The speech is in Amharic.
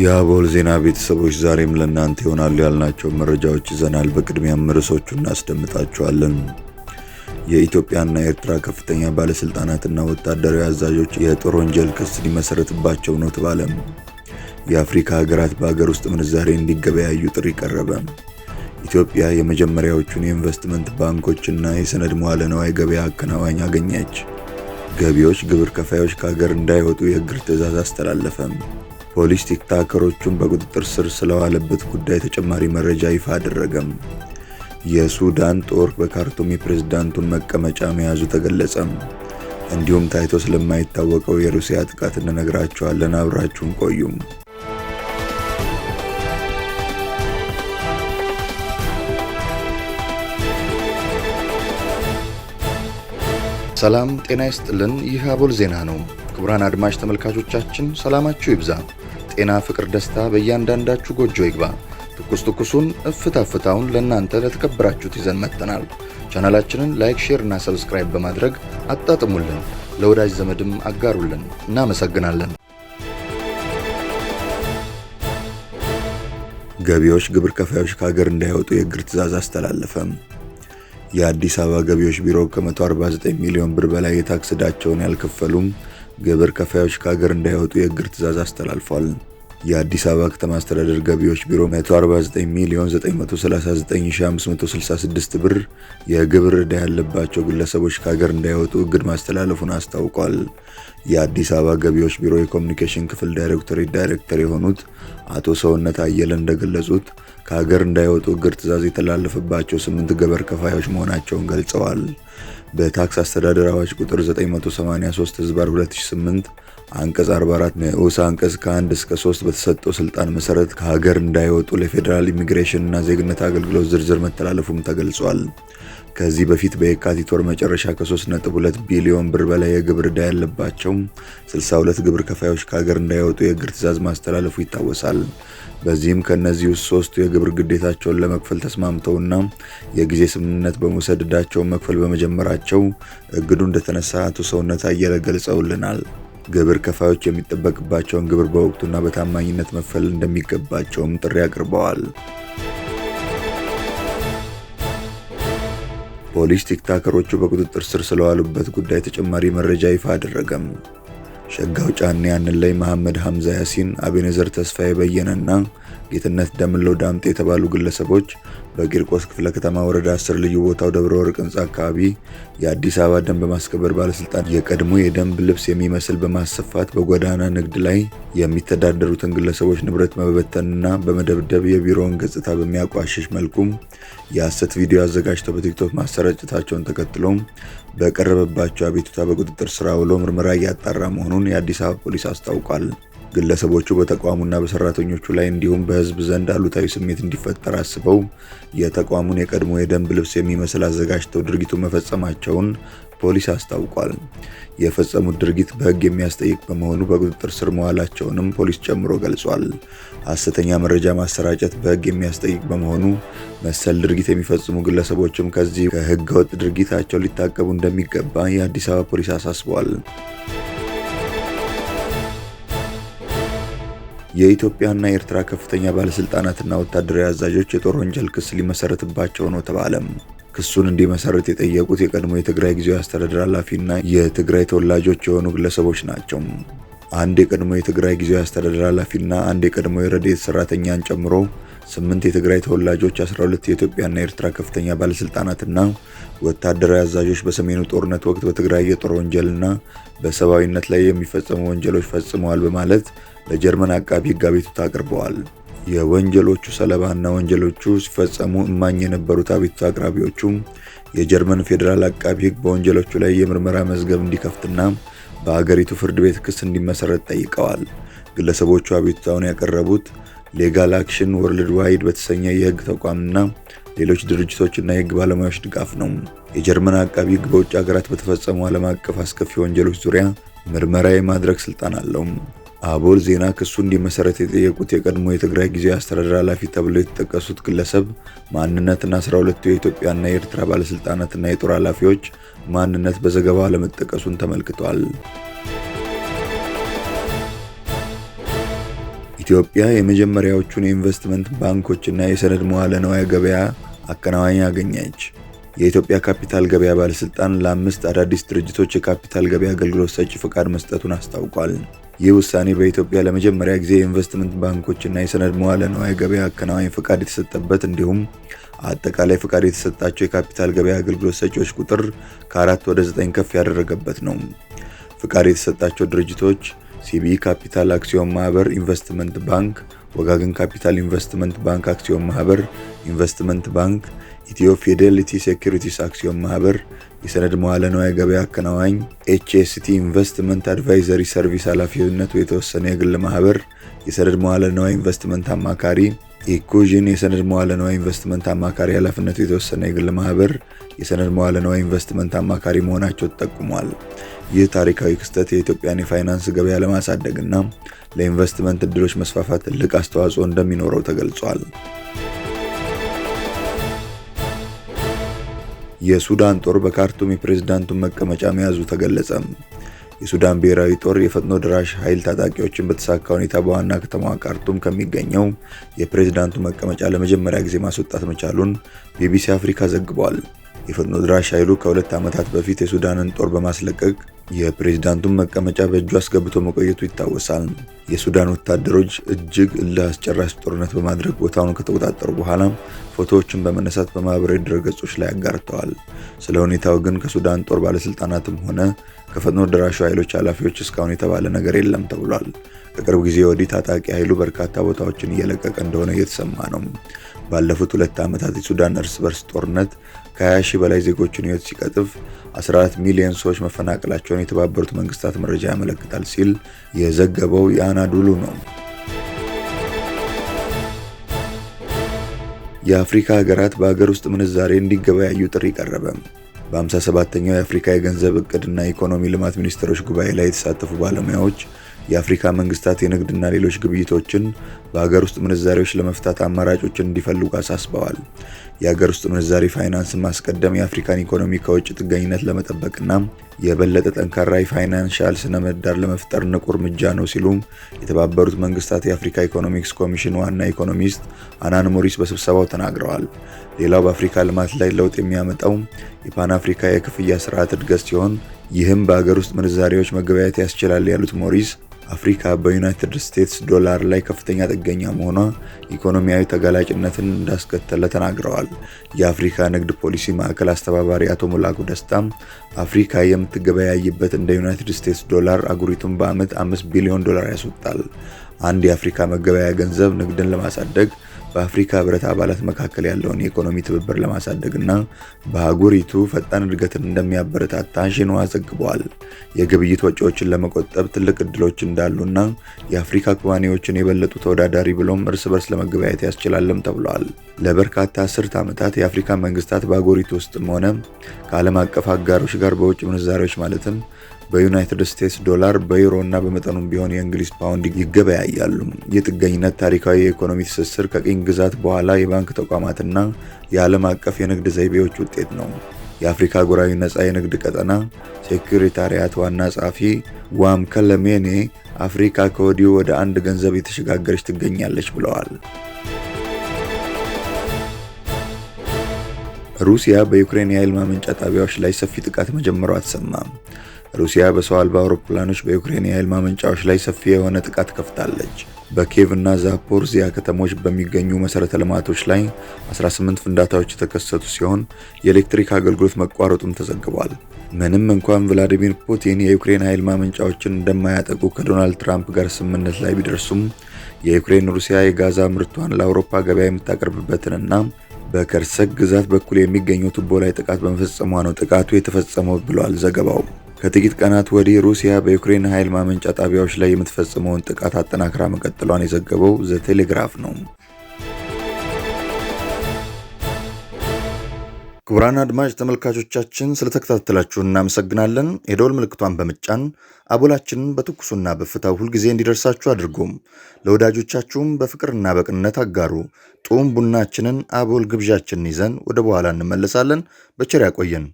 የአቦል ዜና ቤተሰቦች ዛሬም ለእናንተ ይሆናሉ ያልናቸው መረጃዎች ይዘናል። በቅድሚያም ርዕሶቹ እናስደምጣችኋለን። የኢትዮጵያና ኤርትራ ከፍተኛ ባለሥልጣናትና ወታደራዊ አዛዦች የጦር ወንጀል ክስ ሊመሰረትባቸው ነው ተባለ። የአፍሪካ ሀገራት በሀገር ውስጥ ምንዛሬ እንዲገበያዩ ጥሪ ቀረበ። ኢትዮጵያ የመጀመሪያዎቹን የኢንቨስትመንት ባንኮችና የሰነድ መዋለ ነዋይ ገበያ አከናዋኝ አገኘች። ገቢዎች ግብር ከፋዮች ከሀገር እንዳይወጡ የእግር ትዕዛዝ አስተላለፈም። ፖሊስ ቲክታከሮቹን በቁጥጥር ስር ስለዋለበት ጉዳይ ተጨማሪ መረጃ ይፋ አደረገም። የሱዳን ጦር በካርቱም የፕሬዝዳንቱን መቀመጫ መያዙ ተገለጸም። እንዲሁም ታይቶ ስለማይታወቀው የሩሲያ ጥቃት እንነግራችኋለን። አብራችሁን ቆዩም። ሰላም ጤና ይስጥልን። ይህ አቦል ዜና ነው። ክቡራን አድማጭ ተመልካቾቻችን ሰላማችሁ ይብዛ፣ ጤና፣ ፍቅር፣ ደስታ በእያንዳንዳችሁ ጎጆ ይግባ። ትኩስ ትኩሱን እፍታ ፍታውን ለእናንተ ለተከበራችሁት ይዘን መጥተናል። ቻናላችንን ላይክ፣ ሼር እና ሰብስክራይብ በማድረግ አጣጥሙልን፣ ለወዳጅ ዘመድም አጋሩልን። እናመሰግናለን። ገቢዎች ግብር ከፋዮች ከሀገር እንዳይወጡ የእግር ትእዛዝ አስተላለፈም። የአዲስ አበባ ገቢዎች ቢሮ ከ149 ሚሊዮን ብር በላይ የታክስ ዕዳቸውን ያልከፈሉም ግብር ከፋዮች ከሀገር እንዳይወጡ የእግር ትዕዛዝ አስተላልፏል። የአዲስ አበባ ከተማ አስተዳደር ገቢዎች ቢሮ 149 ሚሊዮን 939566 ብር የግብር ዕዳ ያለባቸው ግለሰቦች ከሀገር እንዳይወጡ እግድ ማስተላለፉን አስታውቋል። የአዲስ አበባ ገቢዎች ቢሮ የኮሚኒኬሽን ክፍል ዳይሬክቶሬት ዳይሬክተር የሆኑት አቶ ሰውነት አየለ እንደገለጹት ከሀገር እንዳይወጡ እግር ትእዛዝ የተላለፈባቸው ስምንት ግብር ከፋዮች መሆናቸውን ገልጸዋል። በታክስ አስተዳደር አዋጅ ቁጥር 983 ህዝባር 2008 አንቀጽ 44 ንዑስ አንቀጽ ከ1 እስከ 3 በተሰጠው ስልጣን መሰረት ከሀገር እንዳይወጡ ለፌዴራል ኢሚግሬሽን እና ዜግነት አገልግሎት ዝርዝር መተላለፉም ተገልጿል። ከዚህ በፊት በየካቲት ወር መጨረሻ ከ3.2 ቢሊዮን ብር በላይ የግብር ዕዳ ያለባቸው 62 ግብር ከፋዮች ከሀገር እንዳይወጡ የእግር ትእዛዝ ማስተላለፉ ይታወሳል። በዚህም ከእነዚህ ውስጥ ሶስቱ የግብር ግዴታቸውን ለመክፈል ተስማምተውና የጊዜ ስምምነት በመውሰድ ዕዳቸውን መክፈል በመጀመራቸው እግዱ እንደተነሳ አቶ ሰውነት አየለ ገልጸውልናል። ግብር ከፋዮች የሚጠበቅባቸውን ግብር በወቅቱና በታማኝነት መክፈል እንደሚገባቸውም ጥሪ አቅርበዋል። ፖሊስ ቲክቶከሮቹ በቁጥጥር ስር ስለዋሉበት ጉዳይ ተጨማሪ መረጃ ይፋ አደረገም። ሸጋው ጫኔ፣ ያንን ላይ መሐመድ ሐምዛ ያሲን፣ አቤኔዘር ተስፋዬ በየነና ጌትነት ደምለው ዳምጤ የተባሉ ግለሰቦች በቂርቆስ ክፍለ ከተማ ወረዳ 10 ልዩ ቦታው ደብረ ወርቅ ህንጻ አካባቢ የአዲስ አበባ ደንብ ማስከበር ባለስልጣን የቀድሞ የደንብ ልብስ የሚመስል በማሰፋት በጎዳና ንግድ ላይ የሚተዳደሩትን ግለሰቦች ንብረት መበተንና በመደብደብ የቢሮውን ገጽታ በሚያቋሽሽ መልኩም የሐሰት ቪዲዮ አዘጋጅተው በቲክቶክ ማሰራጨታቸውን ተከትሎም በቀረበባቸው አቤቱታ በቁጥጥር ስር ውሎ ምርመራ እያጣራ መሆኑን የአዲስ አበባ ፖሊስ አስታውቋል። ግለሰቦቹ በተቋሙና በሰራተኞቹ ላይ እንዲሁም በህዝብ ዘንድ አሉታዊ ስሜት እንዲፈጠር አስበው የተቋሙን የቀድሞ የደንብ ልብስ የሚመስል አዘጋጅተው ድርጊቱን መፈጸማቸውን ፖሊስ አስታውቋል። የፈጸሙት ድርጊት በህግ የሚያስጠይቅ በመሆኑ በቁጥጥር ስር መዋላቸውንም ፖሊስ ጨምሮ ገልጿል። ሐሰተኛ መረጃ ማሰራጨት በህግ የሚያስጠይቅ በመሆኑ መሰል ድርጊት የሚፈጽሙ ግለሰቦችም ከዚህ ከህገወጥ ድርጊታቸው ሊታቀቡ እንደሚገባ የአዲስ አበባ ፖሊስ አሳስቧል። የኢትዮጵያና የኤርትራ ከፍተኛ ባለስልጣናትና ወታደራዊ አዛዦች የጦር ወንጀል ክስ ሊመሰረትባቸው ነው ተባለም። ክሱን እንዲመሰረት የጠየቁት የቀድሞ የትግራይ ጊዜያዊ አስተዳደር ኃላፊና የትግራይ ተወላጆች የሆኑ ግለሰቦች ናቸው። አንድ የቀድሞ የትግራይ ጊዜያዊ አስተዳደር ኃላፊና አንድ የቀድሞ የረድኤት ሰራተኛን ጨምሮ ስምንት የትግራይ ተወላጆች፣ 12 የኢትዮጵያና የኤርትራ ከፍተኛ ባለስልጣናትና ወታደራዊ አዛዦች በሰሜኑ ጦርነት ወቅት በትግራይ የጦር ወንጀልና በሰብአዊነት ላይ የሚፈጸሙ ወንጀሎች ፈጽመዋል በማለት ለጀርመን አቃቢ ሕግ አቤቱታ አቅርበዋል። የወንጀሎቹ ሰለባና ወንጀሎቹ ሲፈጸሙ እማኝ የነበሩት አቤቱታ አቅራቢዎቹም የጀርመን ፌዴራል አቃቢ ሕግ በወንጀሎቹ ላይ የምርመራ መዝገብ እንዲከፍትና በአገሪቱ ፍርድ ቤት ክስ እንዲመሰረት ጠይቀዋል። ግለሰቦቹ አቤቱታውን ያቀረቡት ሌጋል አክሽን ወርልድ ዋይድ በተሰኘ የህግ ተቋምና ሌሎች ድርጅቶችና የህግ ባለሙያዎች ድጋፍ ነው። የጀርመን አቃቢ ህግ በውጭ ሀገራት በተፈጸሙ ዓለም አቀፍ አስከፊ ወንጀሎች ዙሪያ ምርመራ የማድረግ ስልጣን አለው። አቦል ዜና ክሱ እንዲመሰረት የጠየቁት የቀድሞ የትግራይ ጊዜያዊ አስተዳደር ኃላፊ ተብለው የተጠቀሱት ግለሰብ ማንነትና 12ቱ የኢትዮጵያና የኤርትራ ባለሥልጣናትና የጦር ኃላፊዎች ማንነት በዘገባው አለመጠቀሱን ተመልክቷል። ኢትዮጵያ የመጀመሪያዎቹን የኢንቨስትመንት ባንኮችና የሰነድ መዋለ ነዋያ ገበያ አከናዋኝ አገኘች። የኢትዮጵያ ካፒታል ገበያ ባለስልጣን ለአምስት አዳዲስ ድርጅቶች የካፒታል ገበያ አገልግሎት ሰጪ ፈቃድ መስጠቱን አስታውቋል። ይህ ውሳኔ በኢትዮጵያ ለመጀመሪያ ጊዜ የኢንቨስትመንት ባንኮችና የሰነድ መዋለ ነዋያ ገበያ አከናዋኝ ፈቃድ የተሰጠበት እንዲሁም አጠቃላይ ፈቃድ የተሰጣቸው የካፒታል ገበያ አገልግሎት ሰጪዎች ቁጥር ከአራት ወደ ዘጠኝ ከፍ ያደረገበት ነው። ፍቃድ የተሰጣቸው ድርጅቶች ሲቢኢ ካፒታል አክሲዮን ማህበር ኢንቨስትመንት ባንክ፣ ወጋገን ካፒታል ኢንቨስትመንት ባንክ አክሲዮን ማህበር ኢንቨስትመንት ባንክ፣ ኢትዮ ፊዴሊቲ ሴኩሪቲስ አክሲዮን ማህበር የሰነድ መዋለ ንዋይ ገበያ አከናዋኝ፣ ኤችኤስቲ ኢንቨስትመንት አድቫይዘሪ ሰርቪስ ኃላፊነቱ የተወሰነ የግል ማህበር የሰነድ መዋለ ንዋይ ኢንቨስትመንት አማካሪ ኢኩዥን የሰነድ መዋለ ንዋይ ኢንቨስትመንት አማካሪ ኃላፊነቱ የተወሰነ የግል ማህበር የሰነድ መዋለ ንዋይ ኢንቨስትመንት አማካሪ መሆናቸው ተጠቁሟል። ይህ ታሪካዊ ክስተት የኢትዮጵያን የፋይናንስ ገበያ ለማሳደግና ለኢንቨስትመንት እድሎች መስፋፋት ትልቅ አስተዋጽኦ እንደሚኖረው ተገልጿል። የሱዳን ጦር በካርቱም የፕሬዝዳንቱን መቀመጫ መያዙ ተገለጸም የሱዳን ብሔራዊ ጦር የፈጥኖ ድራሽ ኃይል ታጣቂዎችን በተሳካ ሁኔታ በዋና ከተማዋ ካርቱም ከሚገኘው የፕሬዝዳንቱ መቀመጫ ለመጀመሪያ ጊዜ ማስወጣት መቻሉን ቢቢሲ አፍሪካ ዘግቧል። የፈጥኖ ድራሽ ኃይሉ ከሁለት ዓመታት በፊት የሱዳንን ጦር በማስለቀቅ የፕሬዝዳንቱን መቀመጫ በእጁ አስገብቶ መቆየቱ ይታወሳል። የሱዳን ወታደሮች እጅግ እልህ አስጨራሽ ጦርነት በማድረግ ቦታውን ከተቆጣጠሩ በኋላ ፎቶዎችን በመነሳት በማህበራዊ ድረገጾች ላይ አጋርተዋል። ስለ ሁኔታው ግን ከሱዳን ጦር ባለስልጣናትም ሆነ ከፈጥኖ ደራሹ ኃይሎች ኃላፊዎች እስካሁን የተባለ ነገር የለም ተብሏል። ከቅርብ ጊዜ ወዲህ ታጣቂ ኃይሉ በርካታ ቦታዎችን እየለቀቀ እንደሆነ እየተሰማ ነው። ባለፉት ሁለት ዓመታት የሱዳን እርስ በርስ ጦርነት ከ20 ሺህ በላይ ዜጎችን ሕይወት ሲቀጥፍ 14 ሚሊዮን ሰዎች መፈናቀላቸውን መሆናቸውን የተባበሩት መንግስታት መረጃ ያመለክታል ሲል የዘገበው የአናዱሉ ነው። የአፍሪካ ሀገራት በሀገር ውስጥ ምንዛሬ እንዲገበያዩ ጥሪ ቀረበ። በ57ኛው የአፍሪካ የገንዘብ እቅድና ኢኮኖሚ ልማት ሚኒስትሮች ጉባኤ ላይ የተሳተፉ ባለሙያዎች የአፍሪካ መንግስታት የንግድና ሌሎች ግብይቶችን በሀገር ውስጥ ምንዛሬዎች ለመፍታት አማራጮችን እንዲፈልጉ አሳስበዋል። የሀገር ውስጥ ምንዛሪ ፋይናንስን ማስቀደም የአፍሪካን ኢኮኖሚ ከውጭ ጥገኝነት ለመጠበቅና የበለጠ ጠንካራ የፋይናንሻል ስነ ምህዳር ለመፍጠር ንቁ እርምጃ ነው ሲሉ የተባበሩት መንግስታት የአፍሪካ ኢኮኖሚክስ ኮሚሽን ዋና ኢኮኖሚስት አናን ሞሪስ በስብሰባው ተናግረዋል። ሌላው በአፍሪካ ልማት ላይ ለውጥ የሚያመጣው የፓን አፍሪካ የክፍያ ስርዓት እድገት ሲሆን ይህም በሀገር ውስጥ ምንዛሪዎች መገበያየት ያስችላል ያሉት ሞሪስ አፍሪካ በዩናይትድ ስቴትስ ዶላር ላይ ከፍተኛ ጥገኛ መሆኗ ኢኮኖሚያዊ ተጋላጭነትን እንዳስከተለ ተናግረዋል። የአፍሪካ ንግድ ፖሊሲ ማዕከል አስተባባሪ አቶ ሙላኩ ደስታም አፍሪካ የምትገበያይበት እንደ ዩናይትድ ስቴትስ ዶላር አጉሪቱን በዓመት 5 ቢሊዮን ዶላር ያስወጣል። አንድ የአፍሪካ መገበያያ ገንዘብ ንግድን ለማሳደግ በአፍሪካ ህብረት አባላት መካከል ያለውን የኢኮኖሚ ትብብር ለማሳደግና በአህጉሪቱ ፈጣን እድገትን እንደሚያበረታታ ሽንዋ ዘግቧል። የግብይት ወጪዎችን ለመቆጠብ ትልቅ እድሎች እንዳሉና የአፍሪካ ኩባንያዎችን የበለጡ ተወዳዳሪ ብሎም እርስ በርስ ለመገበያየት ያስችላለም ተብሏል። ለበርካታ አስርት ዓመታት የአፍሪካ መንግስታት በአህጉሪቱ ውስጥም ሆነ ከዓለም አቀፍ አጋሮች ጋር በውጭ ምንዛሬዎች ማለትም በዩናይትድ ስቴትስ ዶላር፣ በዩሮ እና በመጠኑም ቢሆን የእንግሊዝ ፓውንድ ይገበያያሉ። የጥገኝነት ታሪካዊ የኢኮኖሚ ትስስር ከቅኝ ግዛት በኋላ የባንክ ተቋማትና የዓለም አቀፍ የንግድ ዘይቤዎች ውጤት ነው። የአፍሪካ አህጉራዊ ነፃ የንግድ ቀጠና ሴኩሪታሪያት ዋና ጸሐፊ ከለሜኔ አፍሪካ ከወዲሁ ወደ አንድ ገንዘብ የተሸጋገረች ትገኛለች ብለዋል። ሩሲያ በዩክሬን የኃይል ማመንጫ ጣቢያዎች ላይ ሰፊ ጥቃት መጀመሯ ተሰማ። ሩሲያ በሰው አልባ አውሮፕላኖች በዩክሬን የኃይል ማመንጫዎች ላይ ሰፊ የሆነ ጥቃት ከፍታለች። በኬቭ እና ዛፖርዚያ ከተሞች በሚገኙ መሠረተ ልማቶች ላይ 18 ፍንዳታዎች የተከሰቱ ሲሆን የኤሌክትሪክ አገልግሎት መቋረጡም ተዘግቧል። ምንም እንኳን ቭላዲሚር ፑቲን የዩክሬን ኃይል ማመንጫዎችን እንደማያጠቁ ከዶናልድ ትራምፕ ጋር ስምምነት ላይ ቢደርሱም የዩክሬን ሩሲያ የጋዛ ምርቷን ለአውሮፓ ገበያ የምታቀርብበትንና በከርሰግ ግዛት በኩል የሚገኘው ቱቦ ላይ ጥቃት በመፈጸሟ ነው ጥቃቱ የተፈጸመው ብሏል ዘገባው። ከጥቂት ቀናት ወዲህ ሩሲያ በዩክሬን ኃይል ማመንጫ ጣቢያዎች ላይ የምትፈጽመውን ጥቃት አጠናክራ መቀጠሏን የዘገበው ዘቴሌግራፍ ነው። ክቡራን አድማጭ ተመልካቾቻችን ስለተከታተላችሁ እናመሰግናለን። የደወል ምልክቷን በምጫን አቦላችንን በትኩሱና በእፍታው ሁልጊዜ እንዲደርሳችሁ አድርጎም ለወዳጆቻችሁም በፍቅርና በቅንነት አጋሩ። ጡም ቡናችንን አቦል ግብዣችንን ይዘን ወደ በኋላ እንመለሳለን። በቸር ያቆየን።